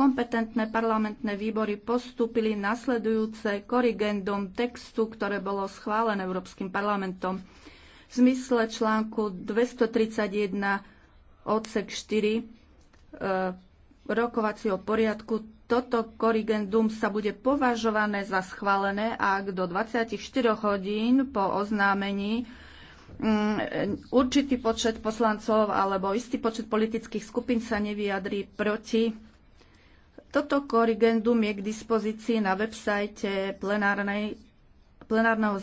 Kompetentné parlamentné výbory postúpili nasledujúce korigendum textu, ktoré bolo schválené Európskym parlamentom. V zmysle článku 231 odsek 4 e, rokovacieho poriadku toto korigendum sa bude považované za schválené, ak do 24 hodín po oznámení mm, určitý počet poslancov alebo istý počet politických skupín sa nevyjadrí proti toto korigendum je k dispozícii na websajte plenárneho plenárneho